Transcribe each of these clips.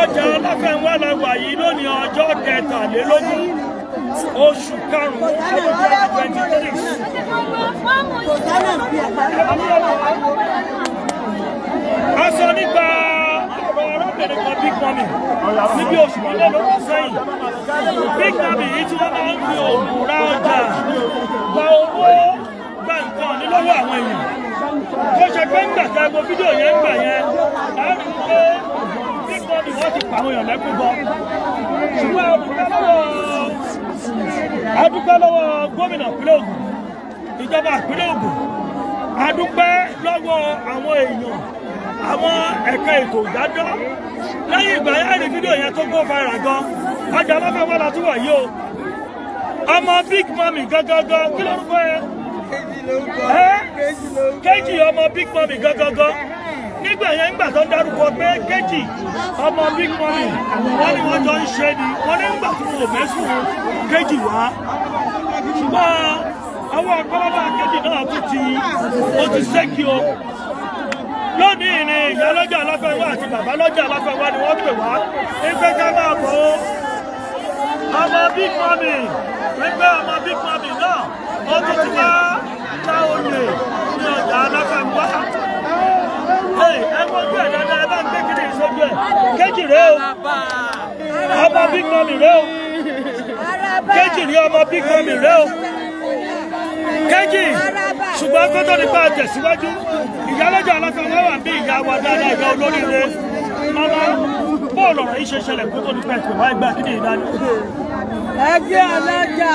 ọjà aláfẹ̀wá la wà yìí lónìí ọjọ́ kẹtàlélógún oṣù karùn-ún ọdún twenty twenty three. a sọ nípa ọ̀rọ̀ ọ̀rọ̀bìnrin kan Big Mummy níbi oṣù mọ́lẹ́lógún sẹ́yìn Big Mummy yìí tí wọ́n máa ń fi òògùn ra ọjà gba owó lọ́wọ́ àwọn èèyàn tó ṣe pé ń gbàgbà gbogbo fídíò yẹn ń gbà yẹn á rí i pé nípa ni wọ́n ti pàwọn èèyàn lẹ́kùn bọ́ ṣùgbọ́n adúpẹ́ lọ́wọ́ gómìnà ìpínlẹ̀ Ògùn ìjọba ìpínlẹ̀ Ògùn adúpẹ́ lọ́wọ́ àwọn èèyàn àwọn ẹ̀ka ètò ìdájọ́ lẹ́yìn ìgbà yẹn ni fídíò yẹn tó gbó fara gan ọjà lọ́fẹ̀ẹ́ wọ́n la tún wà yìí o ọmọ big mami gangan gan kí ló ń fẹ́ kéjì ọmọ big mummy gangan nígbà yẹn nígbà tó ń dárúkọ pé kéjì ọmọ big mummy wọ́n ní wọ́n jọ ń ṣe ni wọ́n ní nígbà tó wò mẹ́sùn kéjì wá ṣùgbọ́n àwọn akọ́lọ́bà kéjì náà tún ti ó ti ṣẹ́kì o lónìí ni ìyá lọ́jà aláfẹ́wá àti bàbá lọ́jà aláfẹ́wá ni wọ́n pè wá ẹgbẹ́ ká máa bọ̀ ó ọmọ big mummy ẹgbẹ́ ọmọ big mummy náà ó tún ti wá ta oyè ní ọjà alákàmúwá ẹ mọ́jú ẹ̀ dáadáa ẹ bá ń gbé kiri ìṣojú ẹ̀ kéjì rèé o ọmọ big mummy rèé o kéjì rí ọmọ big mummy rèé o kéjì ṣùgbọ́n kó tó nípa tẹ̀síwájú ìyálọ́jà alákàmúwá wà bí ìyá wa dáadáa ìyá olóríire mama bọ́ọ̀lù ọ̀rọ̀ yìí ṣe ṣẹlẹ̀ kó tó nípa ẹ̀kọ́ wá gbà kí ni ìdánilẹ́. ẹgbẹ́ alájà.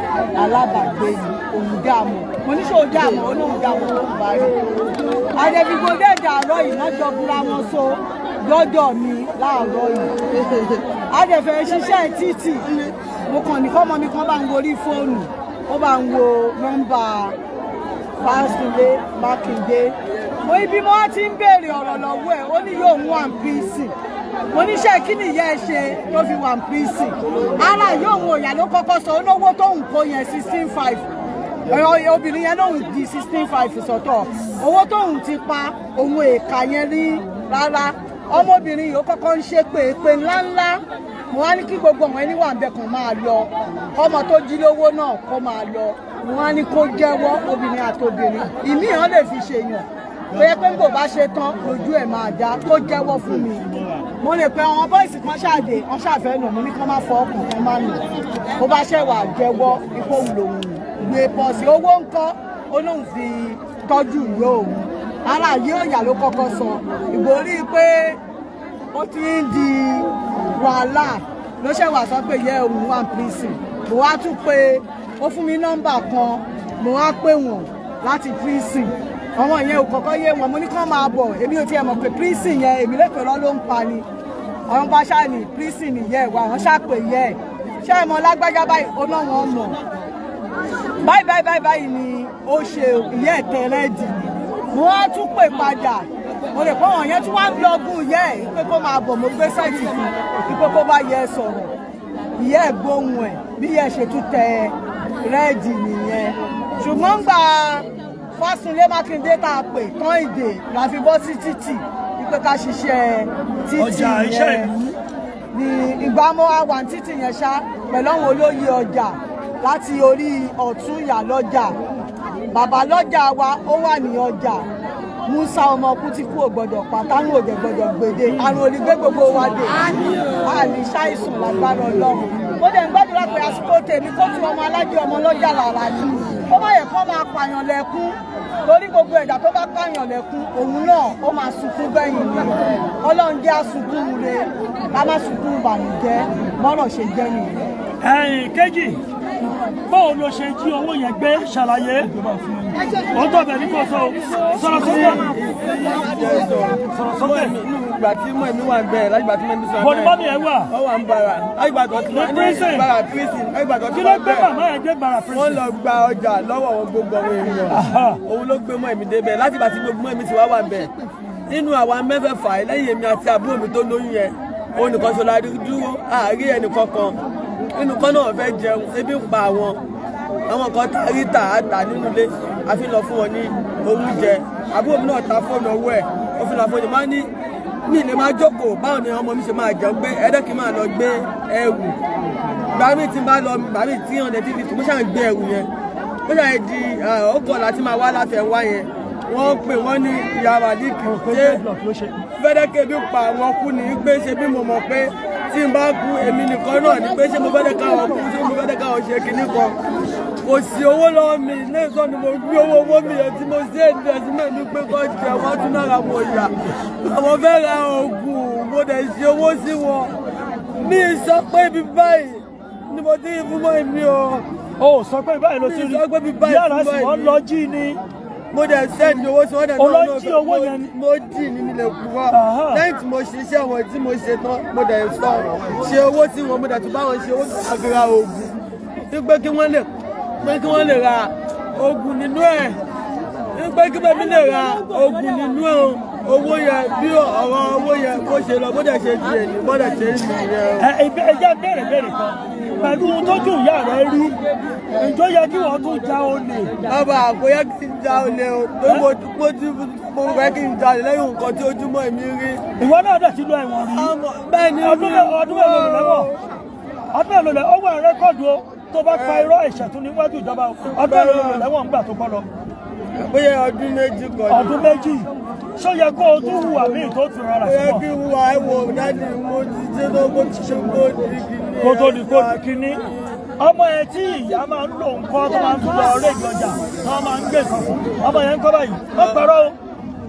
alábàgbé yìí òun dààmú mo ní ṣe òun dààmú ó lóun dààmú ló ń bá rí àdẹ̀bìgbò dé dàárọ̀ yìí lọ́jọ́ búra wọn so lọ́dọ̀ mi láàárọ̀ yìí àdẹ̀fẹ̀ ṣiṣẹ́ títì mo kàn ní kọ́mọ mi kan bá ń gorí fóònù ó bá ń wo nọ́mbà fásilé mákindé ibi mo wá ti ń béèrè ọ̀rọ̀ lọ́wọ́ ẹ̀ ó ní yóò mú one piece mo níṣẹ́ kí nìyẹn ẹ ṣe ló fi one piece ara yóò mú òyà ló kọ́kọ́ sọ olówó tó ń kó yẹn sixteen five obìnrin yẹn lòun di sixteen five sọ́tọ̀ owó tóun ti pa òun èèkà yẹn rí rárá ọmọbìnrin yìí ó kọ́kọ́ ń ṣe pèépè ńláńlá mo wá ní kí gbogbo àwọn ẹni wà ń bẹ kàn máa lọ ọmọ tó jí lówó náà kó máa lọ mo wá ní kó jẹ́wọ́ obìnrin àtobìnrin ìmíì hàn lè fi ṣèyàn tó yẹ pé ń bò bá ṣe tán lójú ẹ̀ máa já tó jẹ́wọ́ fún mi mo lè pe àwọn bọ́ìsì kan ṣáàdé wọ́n ṣàfẹ́ nù mo ní kí wọ́n má fọ ọkàn kan má nù bó bá ṣe wà jẹ́wọ́ ipò lòun ìwé pọ̀sì owó ń kọ́ olóhùn fi tọ́jú ìwé òun ara yìí òyà ló kọ́kọ́ sọ ìgbórí pé ó ti ń di wàhálà ló ṣe wà sọ pé yẹ òun wà prison mo wá tún pé ó fún mi nọ́mbà kan mo wá pè wọ́n láti prison àwọn yẹn ò kọ́kọ́ yé wọn mo ní kán máa bọ̀ èmi ò tiẹ̀ mọ̀ pé prison yẹn èmi lẹ́kọ̀ọ́ lọ́ ló ń pa ni àwọn bá ṣáà ní prison yẹ wà wọ́n ṣàpè yẹ ṣé ẹ mọ lágbájá báyìí ó náà wọ́n mọ̀ báyìí báyìí báyìí báyìí ni ó ṣe ìyẹ́ ẹ̀tẹ́ rẹ́ẹ̀dì mo wá tún pè padà mo lè pọ́ àwọn yẹn tún wá lọ́gùn yẹ ìpè kó máa bọ̀ mo gbé sẹ́ẹ̀tì fún ìpè kó bá yẹ sọ̀rọ̀ ìyẹ́ ẹ̀gbóhùn ẹ̀ bí yẹ ṣe tún tẹ rẹ́ẹ̀dì nìyẹn ṣùgbọ́n gbà fásunlé mákindé tá a pè tán ìdè la fi bọ́ sí títì wípé ká ṣiṣẹ́ títì yẹn ní ìgbàmọ́ àwọn títì yẹn ṣá pẹ̀lú àwọn olóyè ọjà láti orí ọ̀tún ìyálọ́jà bàbá lọ́jà wa ó wà ní ọjà musa ọmọ kútí kú ògbọ́dọ̀ pàtánù òdè gbọ́dọ̀ gbèdé àrùn olùgbé gbogbo wa dé àní ṣàìsàn lágbára Ọlọ́run ó dẹ̀ ń gbàdúrà pé àsìkò tèmi kó tún ọmọ alájẹ ọmọ lọ́jà làrá yìí kó má yẹ kó máa pààyàn lẹ́kún torí gbogbo ẹ̀dá tó bá pààyàn lẹ́kún òun náà ó máa sunkún gbẹ̀yìn ni ọlọ́run jẹ́ asunkún re ká má sunkún bànújẹ́ mọ́rọ̀ ṣe jẹ́ nìyẹn. kejì báwo ló ṣe jí owó yẹn gbé ṣàlàyé ó tọ̀bẹ̀ kò sọ sọ̀rọ̀ sókè sọ̀rọ̀ sókè ìgbà tí mọ̀ mi wà ń bẹ̀rẹ̀ láti ìgbà tí mọ̀ mi sọ bẹ́ẹ̀. bọ́dúbọ́ mi ẹ̀ wà. ọ wà ń bara láti ìgbà tó ti wà ní bara prison láti ìgbà tó ti wà bẹ́ẹ̀. kí ló gbé màmá ẹ̀ dé bara prison. wọ́n lọ gba ọjà lọ́wọ́ wọn gbogbo àwọn èèyàn òun ló gbé mọ̀ mi débẹ̀ láti ìgbà tí gbogbo mọ̀ mi ti wá wà ń bẹ̀ nínú àwa mẹ́fẹ̀ẹ̀fà lẹ́yìn èmi àti àbúrò mi tó lóyún yẹn òun nìkan ṣọlá dúró àárí ẹnì kankan nínú kan náà fẹ́ jẹun ebi ń pa àwọn àwọn kan ta ríta àtà nínú ilé àfi lọ fún wọn ní oúnjẹ àbúrò mi náà ta fóònù ọwọ́ ẹ̀ ó fi lọ fóònù máa ní mi lè máa jókòó báwo ni ọmọ mi ṣe máa jẹun gbé ẹ̀dẹ́ kí n máa lọ gbé ẹrù gbà mí tí n bá lọ gbà mí tí hundred and fifty mo ṣáà ń gbé ẹrù yẹn mo ṣáà di ọkọ̀ láti máa wá láti ẹ̀ wá yẹn wọ́n pè wọ́n ní ìyàwó àdìkì ṣé fẹ́dẹ́kẹ́ bí pa àwọn kú ní pé ṣe bí mo mọ̀ pé tí n bá kú èmi nìkan náà ní pé ṣé mo fẹ́dẹ́ káwọn kú ṣé mo fẹ́dẹ́ káwọn ṣe kinní kan kò sí owó lọ́wọ́ mi lẹ́sọ̀ ni mo gbé owó owó mi yẹn tí mo ṣe èdè ẹ̀sìnmẹ́ mi pé kọ́ jẹ́ tún náírà mo yà àwọn fẹ́ ra oògùn mo dẹ̀ ṣe owó sí wọn mi sọ pé ibi báyìí ni mo ti rí mọ́ mi o. o sọ pé báyìí ló ti rí yàrá sì wọ́n lọ jí ni mo dẹ̀ sẹ́ẹ̀dì owó sí wọ́n dẹ̀ náà náà mo dì ní nílẹ̀ kúrọ́ lẹ́yìn tí mo ṣiṣẹ́ àwọn tí mo ṣe tán mo dẹ̀ sọ̀rọ̀ ṣe owó tí wọn mo dẹ̀ tún bá wọn ṣe owó tó àgbéra kí wọ́n lè pé kí wọ́n lè ra oògùn nínú ẹ̀ pé kí bẹ́ẹ̀ mi lè ra oògùn nínú ẹ̀ owó yẹ bí ọ̀rọ̀ owó yẹ bó ṣe lọ bó dẹ̀ ṣe di èyí bó dẹ̀ ṣe ń nìyẹn. ẹ jẹ́ bẹ̀rẹ̀ bẹ̀rẹ̀ kan pẹ̀lú ohun tó dùn ìyá rẹ rí ǹjọ́ yẹ kí wọ́n tó ja olè. bàbá kò yẹ kí n ja olè o pé mo mo ti mo fẹ́ kí n jalè lẹ́yìn nǹkan tí ojúmọ́ mi rí. ìwọ náà dẹ̀ ti ẹ̀wọ̀n rí. bẹ́ẹ̀ ni ọdún mẹ́wàá ọdún èlò lẹ rẹ́kọ̀dù o tó bá pa irọ́ ẹ̀ṣẹ̀ níwájú ìjọba ọdún lẹ́wọ̀n gbà tó kọ́lọ. bóyá ọdún méjì kọ́ ni. ọdún méjì ṣó yẹ kó o tún hùwà míì tó tún rárá sí wọn. ó yẹ kí hùwà ẹ wò dájú mo ti ṣe tó mo ti ṣe kó di kíní. kó tó di kó di kíní. ọmọ ẹ tí ìyá máa ń lò ń kọ́ tó máa ń tún lọ ọ̀rẹ́ ìjọjà tó máa ń gbé ìfọ̀fọ̀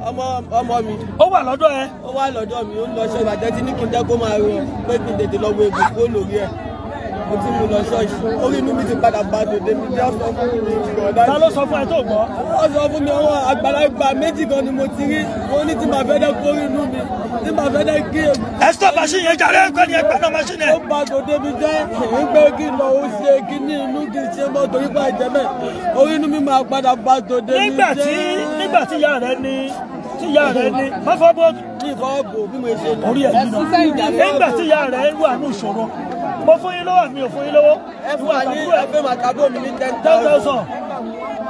ọmọ ọmọ mi. ó wà lọ́dọ̀ ẹ. ó wà lọ́dọ̀ mi ó ń lọ ṣe ìbàjẹ́ tí ní kí n dẹ́ kó máa rìn pé kí n tètè lọ wo egbò kó ẹ̀ mo ti mú lọ ṣọ́ọ̀ṣì orí inú mi ti padà bá dòde jẹ́ sọ fún mi ìgbọ̀dá. ta ló sọ fún ẹ tó gbọ́. wọ́n sọ fún mi àwọn àgbàlagbà méjì kan ni mo ti rí wọ́n ní tí màá fẹ́ dẹ́ kórí inú mi tí màá fẹ́ dẹ́ gé èmi. ẹ sọ machine yẹn jàre ẹgbẹ́ ni ẹgbẹ́ náà machine ó bá dòde jẹ́ èyí lọ ó ṣe kí ní inú kì í ṣe mọ́ torí pa ìjẹ́ bẹ́ẹ̀ orí inú mi máa padà bá nígbà tí ìyá rẹ wà ní ìṣòro mo fún yín lọ́wọ́ mi ò fún yín lọ́wọ́. ẹ fún wa ní ẹfẹ màkàdó mi ní ten thousand.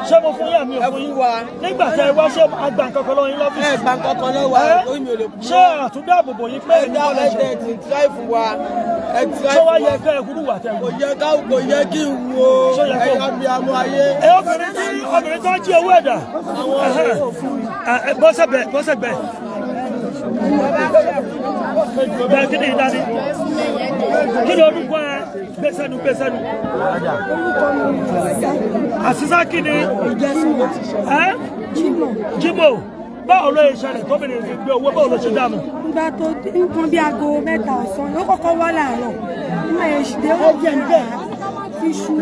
ṣé mo fún yín àmì ò fún yín. nígbà tẹ wá ṣé àgbà kankan lọ́wọ́ yín lọ́fíìsì. ẹ gbà kankan lọ́wọ́ àwọn mi ò lè kú. ṣé àtúndà àbòbò yín pé ìlú kọ́lẹ̀ ṣe. ẹ dá ẹ ti tíráì fún wa. ṣé wàá yẹ ká ẹkúrú wà tẹ. kò yẹ ká kò yẹ kí n wo ẹyà bí amú ayé. ẹ obìnrin tí obìnrin tó ń jí owó ẹ̀dà. bọ́sẹ̀ bẹ̀ bọ́sẹ̀ bẹ̀. bẹ́ẹ̀ kí ni ìdání kí ni orúkọ ẹ gbèsèlú nu. àṣìṣe kí ni. ẹ Jimoh báwo ló ṣe ṣẹlẹ̀ tóbìnrin fi gbé owó báwo ló ṣe dànù. ìgbà tó nǹkan bíi aago mẹ́ta ọ̀sán yóò kọ́kọ́ wá láàárọ̀ nígbà yẹn ṣì dé ó jẹ́ níbẹ̀ fi ṣu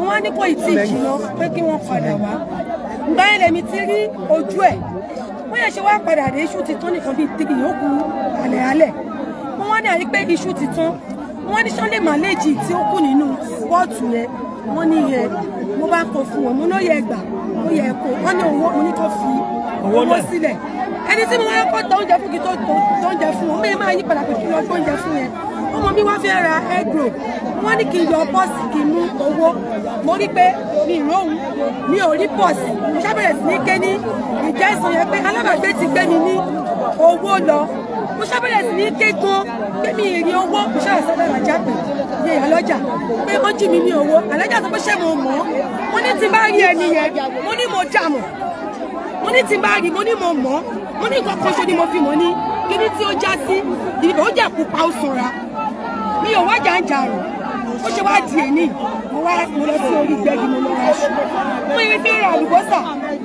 wọ́n á ní kò tí ì jìnnà pé kí wọ́n padà wá. ìgbà yẹn lèmi ti rí ojú ẹ̀ wọ́n yẹn ṣe wá padà dé iṣu ti tán nìkan bíi tìkì yóò kú àlẹ́ àlẹ́ wọ́n wá ní àrí pé iṣu ti tán wọ́n ní sọ́lé màlẹ́jì tí ó kù nínú pọ́ọ̀tù yẹn wọ́n ní yẹ mo bá kó fún wọn mo ló yẹ gbà mo yẹ kó wọ́n ní owó mo ní tó fi owó sílẹ̀ ẹni tí mo wá kọ́ tó oúnjẹ fún kí tó tó oúnjẹ fún wọn mẹ́rin máa yí padà pé kí lọ gbóúnjẹ fún yẹn ọmọ mi wá fẹ́ ra egg roll wọ́n ní kí n yọ bọ́ọ̀sì kí n mú owó mo rí pé mi ìróhùn mi ò rí bọ́ọ̀sì mo ṣàbẹ̀rẹ̀ sí ní ké ní ìjẹ́sùn yẹn pé alábàgbé ti gbé mi ní owó lọ mo ṣàbẹ̀rẹ̀ sí ní kéegun pé mi ì rí owó mo ṣàbẹ̀rẹ̀ sọ́dọ̀ ìrajà pé ní ìyálọ́jà pé ó jù mí ní owó àlọ́jà tó ṣe mo mọ̀ mo ní ti bá rí ẹni yẹn mo ní mo jà mọ̀ mo ní ti bá rí mo ní mo mọ̀ mo ní nǹkan kan ṣe ni mo fi mọ̀ ní kíní tí ó já sí ìbò ó jà pupa ó sanra mi ò wájà ń jà rò ó ṣe wá di èní mo wá mo lọ sí orí gbẹ́gi mo lọ ra ṣù mo ìrètí rẹ̀ àlùbọ́sà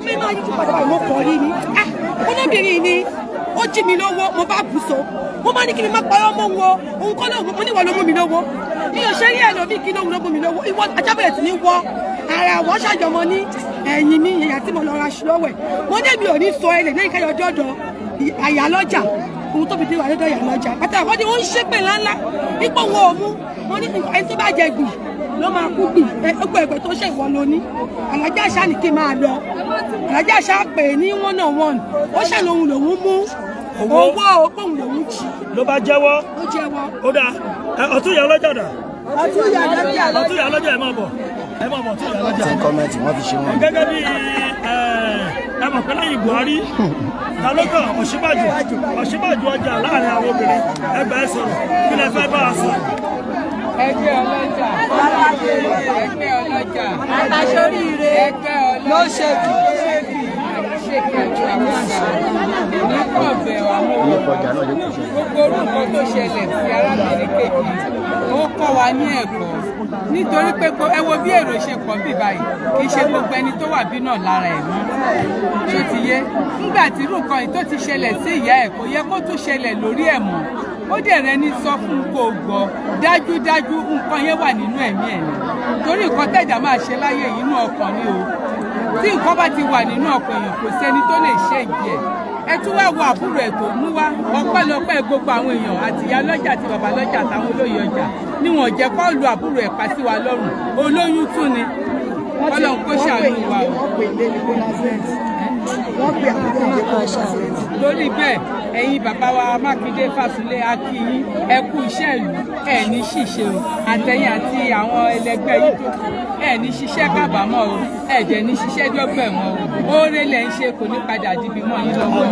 mi máa yíjú padà mo kọ̀ rí ni ah ó jí mi lówó mo bá bù so mo bá ní kí mi má parọ́ mọ́ wo òun kọ́ lóhùn mo níwọ̀ ló mú mi lówó mi ò ṣe yẹ́ lómi kí lóhùn ló mú mi lówó ìwọ ajábẹ̀rẹ̀ tí ní wọ ara wọ́n ṣàjọmọ ní ẹ̀yìn mi ìyá tí mo lọ ra ṣù mo ní èmi ò ní sọ ẹlẹ̀ lẹ́yìn káyọ̀ dọ́dọ̀ àyálọ́jà òun tóbi dé wà lọ́dọ̀ àyálọ́jà pátá àwọn ni wọ́n ń ṣépè ńláńlá nípò wọn ò mú mo ní ẹni tó bá jẹ gbì ló máa kú gbì ẹgbẹ́ ẹgbẹ́ tó ṣe ìwọ lóní alájà àṣà ni kí n máa lọ alájà àṣà pè ní one on oh one ó ṣàlóhun lòún mú owó òpóhùn lòún jí. ló bá jẹ́wọ́. ó jẹ́wọ́. ó dáa ọ̀tún ìyá ọlọ́jà dà. ọ̀tún ìyá ọlọ́jà ọ̀tún ìyá ọlọ́jà ẹ máa bọ̀ ẹ máa bọ̀ ọ̀tún ìyá ọlọ́jà. ti kọ́mẹ̀tì wọ́n fi ṣe wọn. gẹ́gẹ́ bí ẹ mọ̀ pé lẹ́yìn Buhari ta ló kàn Ọ̀ṣínbàjò Ọ̀ṣínbàjò ọjà láàrin àwọn obìnrin ẹgbẹ́ ẹ sọ̀rọ̀ kí lẹ fẹ́ bá a sọ. ẹgbẹ́ ọlọ́jà ẹgbẹ́ ọlọ́jà àtàṣoríire ẹgbẹ́ ọlọ́jà ló ṣe kí ló ṣe kí àṣekẹ́ àti àwọn àṣà. èmi kàn bẹ̀ àwọn gbogbo orú nǹkan tó ṣẹlẹ̀ sí arábìnrin kékeré ó kọ́ wa ní ẹ̀kọ́ nítorí pé ẹ wo bí èrò ṣe pọ̀ bí báyìí kì í ṣe gbogbo ẹni tó wà bí náà lára ẹ̀ mọ́ tó ti yé nígbà tí irú nǹkan yìí tó ti ṣẹlẹ̀ sí ìyá ẹ̀ kò yẹ kó tún ṣẹlẹ̀ lórí ẹ̀ mọ́ ó dẹ̀ rẹ ní sọ fún kò gbọ́ dájúdájú nǹkan yẹn wà nínú ẹ̀mí ẹ̀ ni torí nǹkan tẹ̀dá máa ṣe láyé yìí ọkàn ni o tí nǹkan bá ti wà nínú ọkàn kò sẹ́ni tó lè ṣe ìgbẹ́ ẹ̀. ẹ tún wá wo àbúrò ẹ̀ tó mú wá ọpẹ́lọpẹ́ gbogbo àwọn èèyàn àti ìyá lọ́jà àti bàbá lọ́jà àtàwọn olóyè ọjà ni wọ́n jẹ́ kó lu àbúrò ẹ̀ pa sí wa lọ́rùn olóyún tún ni Ọlọ́run kó ṣàánú wa o. wọ́n lórí bẹ́ẹ̀ ẹ̀yin bàbá wa Mákindé Fásilé akíyín ẹ iṣẹ́ ìlú ẹ̀ ní ṣìṣe o àtẹ̀yìn àti àwọn ẹlẹgbẹ́ yìí tó kù ẹ̀ ní ṣiṣẹ́ kábàámọ̀ o ẹ̀ dẹ̀ ní ṣiṣẹ́ dọ́gbẹ̀wọ̀n o oore lẹ̀ ṣe kò ní padà dìbì mọ́ yín lọ́wọ́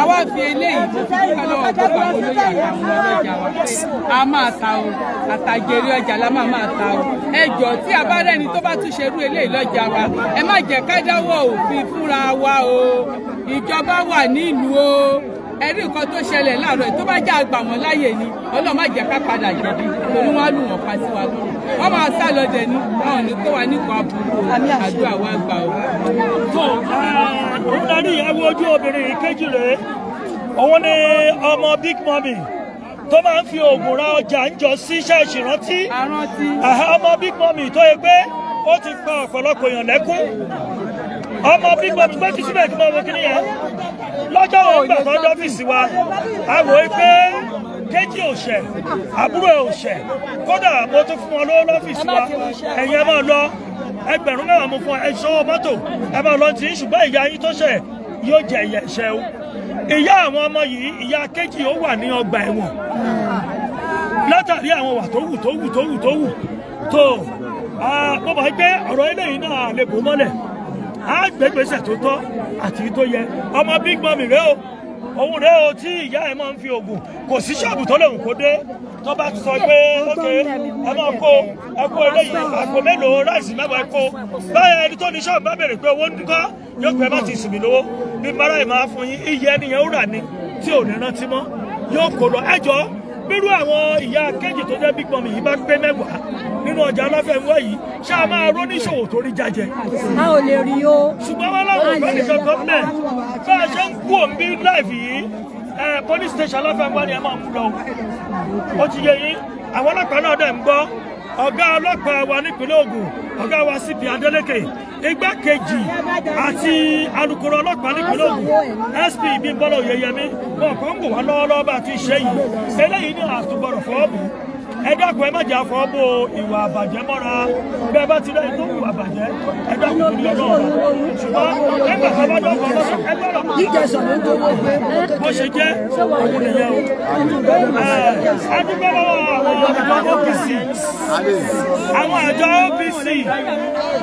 àwa fi eléyìí tó fi dúpẹ́ lọ́wọ́ gbogbo àwọn olóyè àtàwọn ọlọ́jà wa pé a máa ta o àtàgèrè ọjà la máa máa ta o ẹ tí a bá rẹ́ni tó bá tún ṣerú eléyìí lọ́jà wa ẹ má jẹ́ ká dáwọ́ òfin fúnra wa o ìjọba wà nílùú o ẹ rí nǹkan tó ṣẹlẹ̀ láàárọ̀ tó bá jẹ́ àgbà wọn láyè ni ọlọ́run má jẹ́ ká padà jẹ̀bi torí wọ́n á lù wọ́n pa sí wa lọ́rùn wọ́n máa sá lọ dẹ̀ ní wọn ò ní kó wa nípa burú àdúrà wa gbà ó. tó òun náà ní ìyàwó ojú obìnrin kejì é òun ni ọmọ big mommy tó máa ń fi oògùn ra ọjà ń jọ sí ṣáàṣì rántí ọmọ big mommy tó yẹ pé ó ti pa ọ̀pọ̀lọpọ̀ èèyàn lẹ́kún ọmọ big mommy tó bá ti síbẹ̀ kí n máa wo kí lọ́jọ́ wo gbà tó dọ́fíìsì wa a wò ó pé kéjì òṣẹ àbúrò òṣẹ kódà mo tún fún wọn lọ́wọ́ lọ́fíìsì wa ẹ̀yin ẹ máa lọ ẹgbẹ̀rún mẹ́wàá mo fún ẹ ṣọwọ́ mọ́tò ẹ máa lọ tí ṣùgbọ́n ìyá yín tó ṣẹ̀ yóò jẹ ìyà ẹ̀ṣẹ̀ o ìyá àwọn ọmọ yìí ìyá kéjì ó wà ní ọgbà ẹ̀wọ̀n látàrí àwọn wà tó wù tó wù tó wù tó wù tó mo mọ̀ pé ọ̀rọ̀ eléyìí náà lè bò mọ́lẹ̀ á gbégbèsè tó tọ́ àti tó yẹ ọmọ big mummy rẹ o òun rẹ o tí ìyá ẹ máa ń fi oògùn kò sí ṣọ́ọ̀bù tó lòun kó dé tó bá sọ pé ókè ẹ máa kó ẹ kó eléyìí àpò mélòó ráìsì mẹ́wàá ẹ kó báyà ẹni tó ní ṣọ́ọ̀bù bá béèrè pé owó ń kọ́ yóò pẹ́ bá ti sùn mí lówó bí mara ẹ̀ máa fún yín iye ẹni yẹn ó rà ní tí ò ní rántí mọ́ yóò kó lọ ẹjọ́ bírú àwọn ìyá kejì tó jẹ́ big mummy yìí bá pé mẹ́wàá nínú ọjà aláfẹ̀mọ́ yìí ṣá máa ró tó rí jajẹ. a ò lè rí o. ṣùgbọ́n wọn láwọn ọ̀gbẹ́ nìkan gọ́ọ̀mẹ̀ bá a ṣe ń kú òǹbí láìfì yìí police station aláfẹ̀mọ́ ni ẹ máa mú lọ. ó ti yẹ yín àwọn ọlọ́pàá náà dẹ̀ ń gbọ́ ọ̀gá ọlọ́pàá wa nípínlẹ̀ Ògùn ọ̀gá wa CP Adeleke igbákejì àti alukoro ọlọ́pàá nípínlẹ̀ Ògùn SP Bímbọ́lá Oyèyẹmí ọ̀kan ń bò wá lọ́wọ́lọ́wọ́ bá ti ṣe yìí eléyìí ní àtúgbọ̀rọ̀ fọ́ọ̀bù ẹ dákun ẹ má jẹ́ àfọ bó ìwà àbàjẹ́ mọ́ra bí ẹ bá ti rẹ́ tó ìwà àbàjẹ́ ẹ dákun tó lọ náà ṣùgbọ́n ẹ gbà ká bá dọ́kọ̀ lọ́sọ̀ ẹ gbọ́dọ̀ mọ́. jíjẹ sọ̀rọ̀ tó wọ pé bó ṣe jẹ́ òun nìyẹn o. a dúpẹ́ lọ́wọ́ àwọn àjọ OPC àwọn àjọ OPC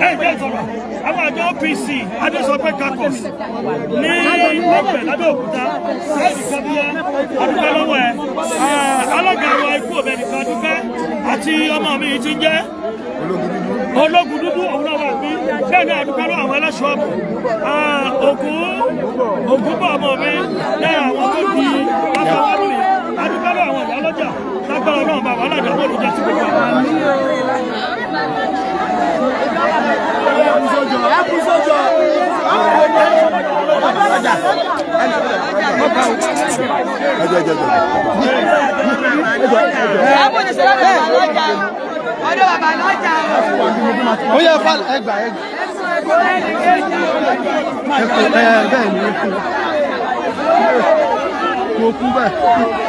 ẹ jẹ́ sọ̀rọ̀ àwọn àjọ OPC adésọpẹ́ kakos ní ọ̀pẹ̀ lábẹ́òkúta ẹ̀ẹ́dì kọ́bíyá a dúpẹ́ lọ́wọ́ ẹ̀ alága àwọn ikú òbẹ̀nìkan dúpẹ́ Adéwálé àti ọmọ mi ti ń jẹ́ ológun dúdú òun náà wà bí bẹ́ẹ̀ ni àdúgbò àwọn ẹlẹ́ṣọ́ ọ̀bù ògún ògún bọ̀ ọmọ mi lẹ́yìn àwọn tó di ọkọ̀ adúgbò àwọn ìyá lọ́jà lágbára ọlọ́run bàbá aládàáwọ̀ ló jẹ́ sí gbogbo àwọn. Ọjọ́ bẹ́ẹ̀.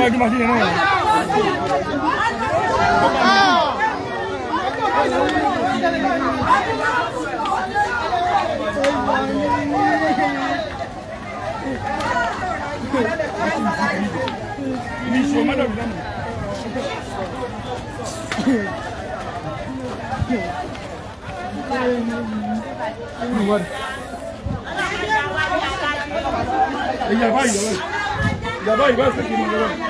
Pode Martinha, não. Me chama da vida. Agora. Ya va, ya va. Ya va, ya va,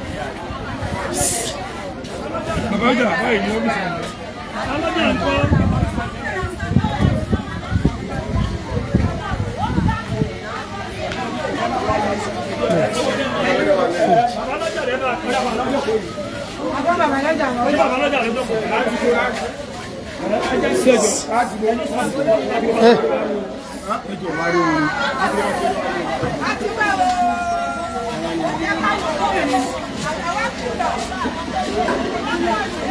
ọjà báyìí ni ó bí sàn. alájà ń kọ́. alájà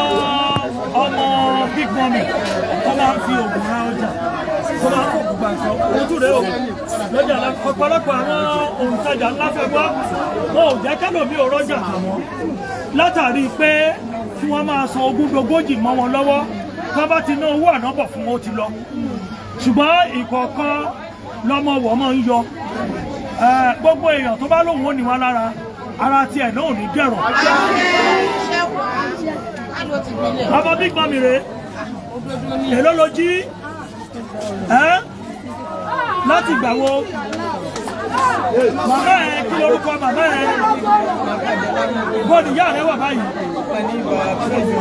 ọmọ ọmọ big mummy tó máa ń fi oògùn ra ọjà tó máa ń kó gbogbo àìsàn ojú rẹ o lọ́jà ọ̀pọ̀lọpọ̀ àwọn òǹtajà ńlá fẹ́ wá wọn ò jẹ́ kẹ́lòmí ò rọ́jà àmọ́ látàrí pé kí wọ́n máa san ogún dogójì mọ́ wọn lọ́wọ́ tó bá ti ná owó ànábọ̀ fún wọn ó ti lọ ṣùgbọ́n ìkọ̀ọ̀kan lọ́mọ wọ̀ máa ń yọ gbogbo èèyàn tó bá lóun ó ní wá lára ara tiẹ̀ náà ò ní dẹ̀rọ̀ ọmọ big mami rèé èló ló jí láti gbà wo màmá ẹ kí lórúkọ màmá ẹ bọ́ọ̀dù ìyá rẹ wà báyìí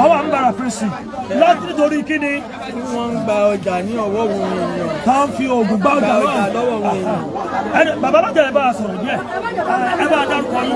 ọwọ́ à ń bara pèsè láti nítorí kíni. wọ́n ń gba ọjà ní ọwọ́ òun èèyàn. tá ń fi oògùn gbá ọjà lọ́wọ́ òun èèyàn. ẹni bàbá lọ́jà ẹ bá a sọ̀rọ̀ díẹ̀ ẹ bá a dárúkọ yín.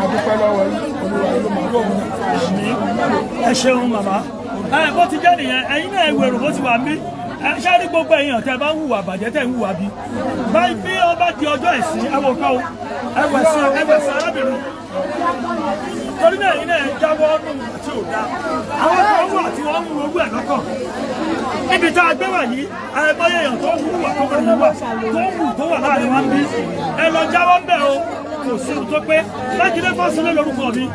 adúpẹ́ lọ́wọ́ olúwa ló máa bọ̀ mí. ẹ ṣeun màmá bó ti jẹ́ nìyẹn ẹ̀yin náà ẹ wèrò bó ti wà mí ṣáàrí gbogbo èèyàn tẹ bá ń hùwà bàjẹ́ tẹ̀ ń hùwà bí báyìí bí ó bá di ọjọ́ ẹ̀sìn ẹ o ẹ wẹ̀ sí ẹ wẹ̀ sí arábìnrin torí náà yìí náà jáwọ́ nínú tí ò dáa àwọn kan wà tí wọ́n ń wo owó ẹ̀ lọ́kàn níbi tá a gbé wà yìí àìmọye èèyàn tó ń hùwà tó kọ̀ọ̀kan wà tó ń tó wà láàrin wa bí ẹ lọ jáwọ́ ń o kò sí tó pé Mákindé Fásilé lórúkọ mi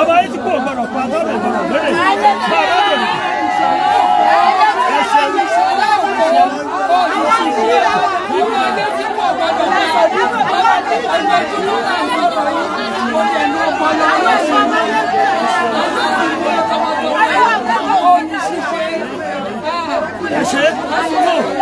ọba yìí ti kó gbọ́dọ̀ pa gbọ́dọ̀ gbọ́dọ̀ lóde bá a lóde mi. ẹ ṣe